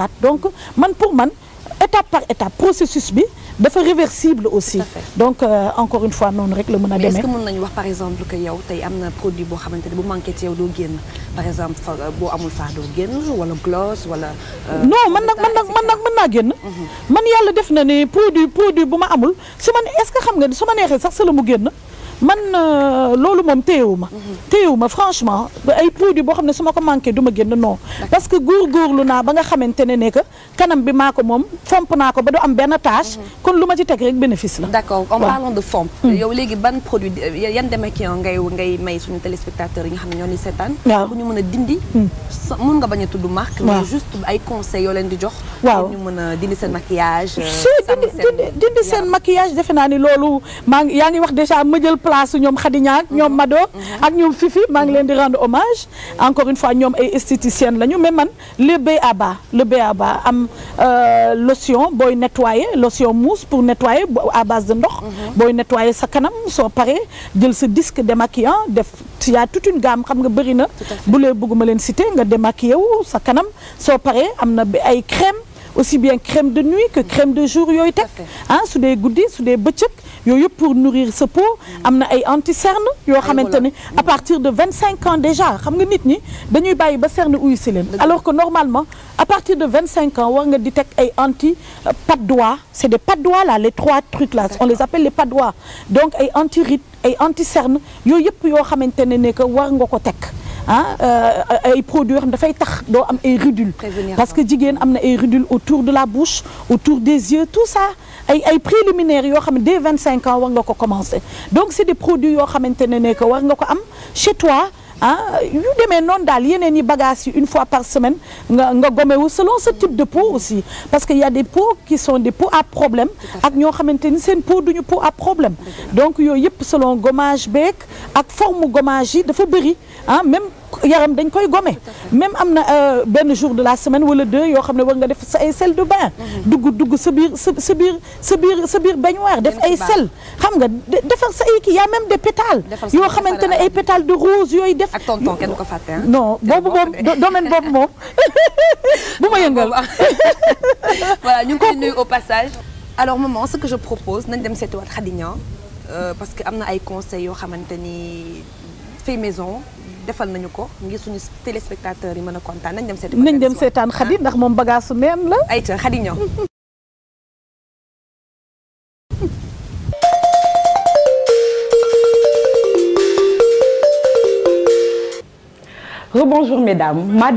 stade donc man pour man étape par étape processus bi dafa réversible aussi. donc euh, encore une fois noonu rek la mën a demee. mais est-ce que wax par exemple que yow tey am na produit boo xamante ne bu manqué ci yow doo génn par exemple euh, boo amul faa doo wala gloss wala. Euh, non man nag man nag man nag mën naa génn. Mhm. man yàlla def na ni produit bu ma amul su ma nee est-ce xam nga ni su ma neexee sax sa la mu génn. man euh, loolu moom téyewu ma téyewu ma franchement ay produit boo xam ne su ma ko manqué du ma génn non parce que góorgóorlu naa ba nga xamante ne ne que kanam bi maa ko moom fomp naa ko ba du am benn tâche mhm. kon lu ma ci teg rek bénéfice la d'accord en parlant de fomp hmm. yow léegi ban produit euh, yan démaquillant ngay ngay may suñu téléspectateurs yi nga xam ne ñoo ni seetaan waaw bu ñu mën a dindi hmm. mun nga bañ a tudd marque ma juste ay conseils yoo leen di jox waaw ñu mën a dindi seen maquillage euh, dindi seen maquillage defe naa ni loolu maa ngi yaa ngi wax déjà place ñoom Khady Niang ñoom Mado ak ñoom Fifi maa ngi leen di rend hommage encore une fois ñoom ay esthéticienne lañu mais man le B.A.B.A le B.A.B.A am euh, lotion booy nettoyer lotion mousse pour nettoyer à base de ndox. Mhm. booy nettoyer sa kanam soo paree jël sa disque démaquillant def y tout une gamme xam nga bëri na. bu lee bëgguma leen citer nga démaquiller wu sa kanam soo paree am na ay crème. aussi bien crème de nuit que crème de jour yooy teg ah su dee guddi su dee bëccëg yooyu yëpp pour nourrir sa peau mm. am na ay anti cernes yoo xamante ne mm. à partir de vingt cinq ans déjà xam nga nit ñi dañuy bàyyi ba cerne uyu si alors que normalement à partir de vingt cinq ans war nga di teg ay anti euh, pattes d'oie c'est des pattes d'oie là les trois trucs là on les appelle les pattes donc ay anti rides ay anti cernes yooyu yëpp yoo xamante ne ne que war nga ko teg ah euh, euh, ay produits yoo xam dafay tax doo am ay ridules. parce que jigéen am na ay ridules autour de la bouche autour des yeux tout ça ay ay préliminaires yoo xam ne dès vingt cinq ans war nga ko commencer donc c'est des produits yoo xamante ne ne que war nga ko am chez toi. ah yu demee noonu daal yeneen yi bagages une fois par semaine nga nga gomewu selon ce type de peau aussi parce que y a des peaux qui sont des peaux a problème ak ñoo xamante ni seen peau duñu peau a problème donc yooyu yëpp selon gommage beeg ak forme gommage yi dafa bëri ah même yaram dañ koy gome même am na euh, benn jour de la semaine wala deux yoo xam ne war nga def sa ay sel de bain dugg dugg sa biir sa sa biir sa biir sa biir baignoire def ay sel xam nga defar sa ay kii y a même des pétales yoo xamante ne ay pétales de rose yooyu def ak tonton kenn du ko fàtte non boobu moom domaine boobu moom bu ma yëngal voilà ñu ngi koy nuyu au passage alors maman ce que je propose nañ dem seetiwaat Khady Niang euh, parce que am na ay conseils yoo xamante ni fait maison defal nañu ko ngir suñu téléspectateurs yi mën a kontaan nañ dem seeti nañ dem seetaan Khady ah. ndax moom bagage su la ay Khady ñëw rebonjour mesdames maa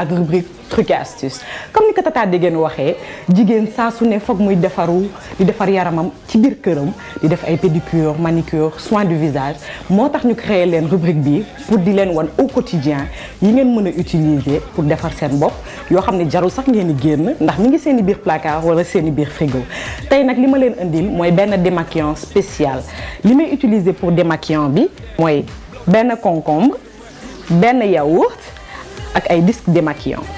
ak trucs et astuces comme ni ko di Degene waxee jigéen saa su ne foog muy defaru di defar yaramam ci biir këram di def ay pédicure manicure soin du visage moo tax ñu créé leen rubrique bi pour di leen wan au quotidien yi ngeen mën a utiliser pour defar seen bopp yoo xam ne jarul sax ngeen di génn ndax mi ngi seen i biir placard wala seeni biir frigo tey nag li ma leen indil mooy benn démaquillant spécial li may utiliser pour démaquillant bi mooy benn concombre benn yaourt ak ay disque démaquillant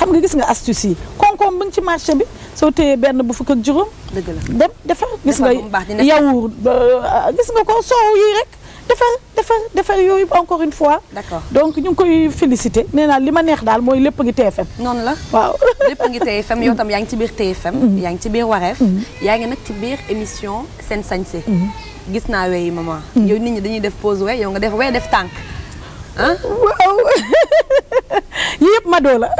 xam nga gis nga astuce yi koom-koom bu ci marché bi soo téyee benn bu fukk ak juróom. dëgg la dem defar gis nga yawur euh, gis nga ko soow yi rek. defar defar defar yooyu encore une fois. d'accord donc ñu ngi koy féliciter nee naa li ma neex daal mooy lépp a ngi TFM. noonu la waaw lépp a ngi TFM yow tam yaa ngi ci biir TFM. Mm-hmm. yaa ngi ci biir wareef. Mm-hmm. yaa ngi nag ci biir émission seen Sañse. Mm-hmm. gis naa weyi maman. yow nit ñi dañuy def pause we yow nga def we def tànk waaw. yii yëpp Mado la.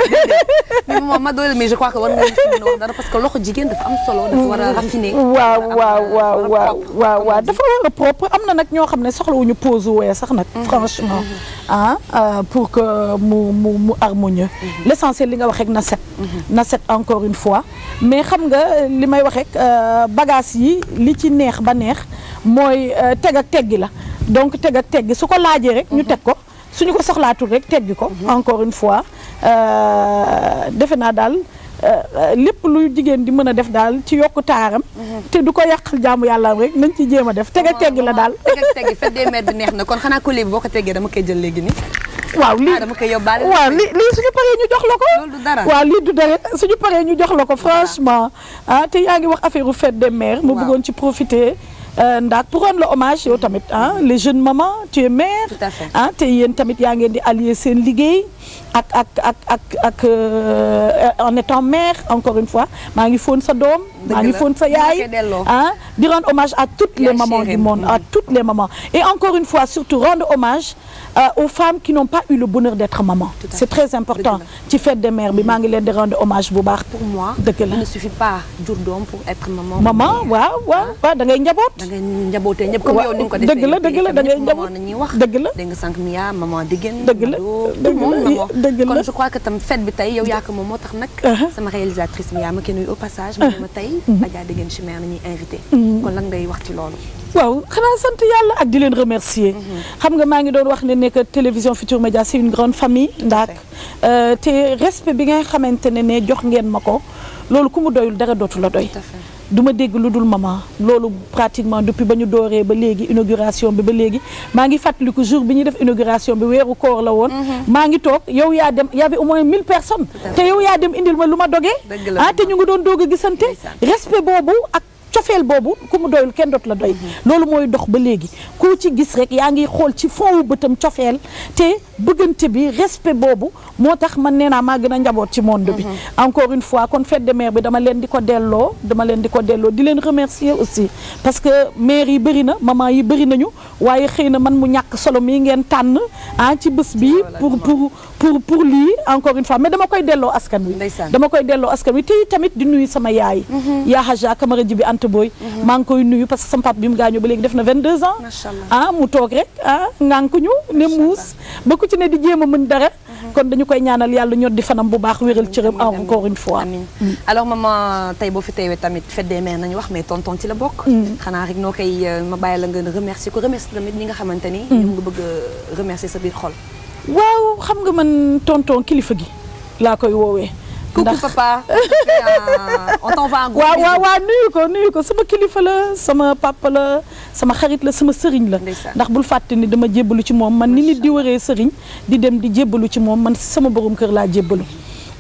mais moom Mado je crois que war nga wax loxo jigéen am solo. dafa a mm. raffiné. waaw waaw waaw waaw waaw dafa war a propre am na nag ñoo xam ne soxla soxlawuñu pose wee sax nag. Mm-hmm. franchement mm-hmm. ah euh, pour que mu mu mu harmonieux. Mm-hmm. l' essentiel li nga wax rek na set. na set encore une fois mais xam nga euh, li may wax rek euh, bagage yi li ci neex ba neex mooy teg ak teggi la donc teg ak teggi su ko laajee rek ñu teg ko. suñu ko soxlaatul rek teggi ko. Mhm. encore une fois euh, defe naa daal euh, euh, lépp lu jigéen di mën a def daal ci yokku taaram. Mhm. te du ko yàqal jaamu yàlla rek nañ ci jéem a def teg tegg la daal. teg a teggi fête neex na kon xanaa ko bi boo ko teggee dama koy jël léegi nii. waaw lii ah, waaw lii lii suñu paree ñu jox la ko waaw lii du dara suñu paree ñu jox la ko franchement ah te yaa ngi wax affaire u fête des mères bëggoon ci profiter Euh, ndaak pour rendre la hommage yow tamit ah les jeunes mamans tu es mère ah te yéen tamit yaa ngeen di allier seen liggéey ak ak ak ak ak euh, en étant encore une fois maa ngi foon sa doom maa ngi fóon sa yaay ah di rendre hommage à toutes les mamans du monde à encore une fois surtout rendre hommage euh, aux femmes qui n'ont pas eu le bonheur d'être maman c'est très important ci fête des mères bi maa ngi leen di rendre hommage bu baax pour moi dëgg la il ne suffit pas jur doom pour être maman maman waaw waaw ah, wax dëgg la dégg nga sànq Mia maman Déguène dëgg la dëgg la tey tey. Mhm. Adja Déguène Chimère nañuy invité. Mhm. kon lan ngay wax ci loolu. waaw xanaa sant yàlla ak di leen remercier. Mhm. xam nga maa ngi doon wax ne nekk télévision Futur Média c'est une grande famille. ndaak euh, te respect bi ngay xamante ne ne jox ngeen ma ko loolu ku mu doyul dara dootu la doy. du ma dégg lu dul maman loolu pratiquement depuis ba ñu dooree ba léegi inauguration bi ba léegi maa ngi fàttaliku jour bi ñuy def inauguration bi weeru koor la woon. Mhm. maa ngi toog yow yaa dem y avait au moins 1000 personnes. te yow yaa dem indil ma lu ma dogee. ah te ñu ngi doon doog a gisante. respect boobu cofeel boobu ku mu doyul kenn dootu la doy mhm. loolu mooy dox ba léegi ku ci gis rek yaa ngi xool ci foowu bëtam cofeel te bëggante bi respect boobu moo tax man nee naa maa gën a njaboot ci monde bi mhm. encore une fois kon fête des bi dama leen di ko delloo dama leen di ko delloo di leen remercier aussi parce que maire yi bëri na maman yi bëri nañu waaye xëy na man mu ñàkk solo mii ngeen tànn ah ci bés bi pour pour pour pour lii encore une fois mais dama koy delloo askan wi dama koy delloo askan wi te tamit di nuyu sama yaay mhm. yaa Haja Kamara Jibi Anta Boy mhm. maa ngi koy nuyu parce que sama papa bi mu gaañoo ba léegi def na 22 ans ah mu toog rek ah ngànkuñu ne muus ba ku ci ne di jéem a mën dara kon dañu koy ñaanal yàlla ñor di fanam bu baax wéral cëram encore une fois mm. alors ma tey boo fi teewee tamit fête des mères nañu wax mais tonton ci la bokk mm. xanaa rek noo koy euh, ma bàyyi la nga remercier ko remercier tamit ñi nga xamante ni mm. ñoom nga bëgg a remercier sa biir xol waaw xam nga man tonton kilifa gi laa koy woowee coucou papa waaw waaw euh, nuyu ko nuyu ko sama kilifa la sama papa la sama xarit la sama sëriñ la. ndax bul fàtte ni dama jébbalu ci moom man ni nit di waree sëriñ di dem di jébbalu ci moom man sama borom kër laa jébbalu.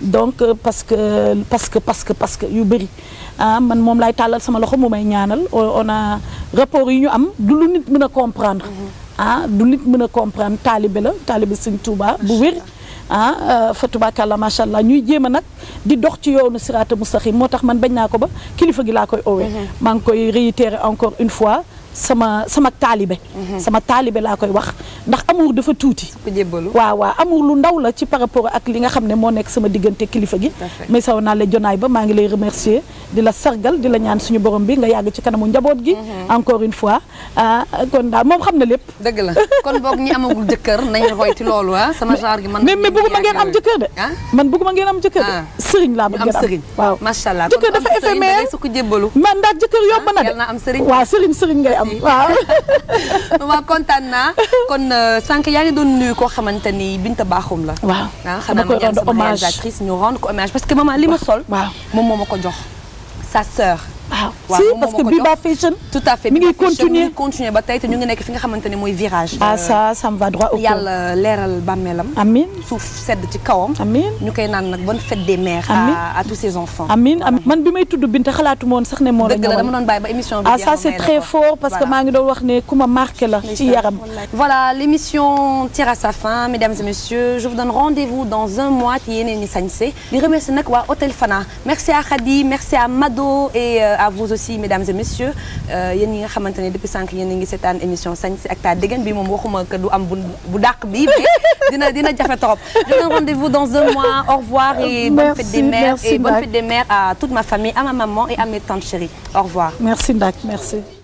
donc euh, parce que parce que parce que parce que yu bëri ah man moom laay tàllal sama loxo mu may ñaanal on rapport yi ñu am du lu nit mën a comprendre. Mhm. ah du nit mën a comprendre taalibe la taalibe Sëriñ Tuuba bu wér. ah euh, fatubakàlla macha allah ñuy jéem a nag di dox ci yoonu sirata mustaqim moo tax man bañ naa ko ba kilifa gi laa koy owee mhm. maa ngi koy réitérer encore une fois sama sama taalibe mhm. sama taalibe laa koy wax ndax amour dafa tuuti waaw waaw amour lu ndaw la ci par rapport ak li nga xam ne moo nekk sama diggante kilifa gi mais saw naa la jonaay ba maa ngi lay remercier di la sargal di la ñaan suñu borom bi nga yàgg ci kanamu njaboot gi mhm. encore une fois ah kon daal na lépp dëgg la kon boog ñi amagul jëkkër nañu roy ci loolu ah sama genre gi man mais mais bëgguma ah. ngeen am jëkkër de man ah. bëgguma ngeen am jëkkër de sëriñ laa bëgg am sëriñ waaw macha allah jëkkër dafa de ah, waaw sëriñ sëriñ ngay am waaw Euh, sànq yaa ngi doon nuyu koo xamante ni Binta Bakhoum la. waaw dama ah, koy rendre hommage xanaa ma ñaan sama réalisatrice ñu rendre ko hommage parce que maman li ma sol. waaw moom moo ma ko jox sa sœur. Ah, waaw si parce que Biba Fashion. tout à fait mi ngi continuer mi ngi continuer ba tey te ñu ngi nekk fi nga xamante ne mooy virage. ah euh, ça ça me va droit au cœur. yàlla leeral bàmmeelam. amiin suuf sedd ci kawam. amiin ñu koy naan nag bonne fête des mères. amiin à tous ses enfants. amiin amiin man bi may tudd Binta xalaatu ma woon sax ne moo la. dëgg la dama doon bàyyi ba émission bi. ah ça c'est très fort parce que maa ngi doon wax ne ku ma marqué la. ci yaram voilà l'émission tire à sa fin mesdames et messieurs je vous donne rendez-vous dans un mois ci yeneen i sañse di remercier nag waa Hôtel Fana merci à Khady merci à Mado et euh, à vous aussi mesdames et messieurs euh, yéen ñi nga xamante ne depuis sànq yéen a ngi seetaan émission sañse ak taa déggan bi moom waxuma que du am bu bu dàq bi dina dina jafe trop je donne rendez-vous dans un mois au revoir et bonne fête des mères et bonne fête des mères à toute ma famille à ma maman et à mes tantes chéries au revoir merci Ndak merci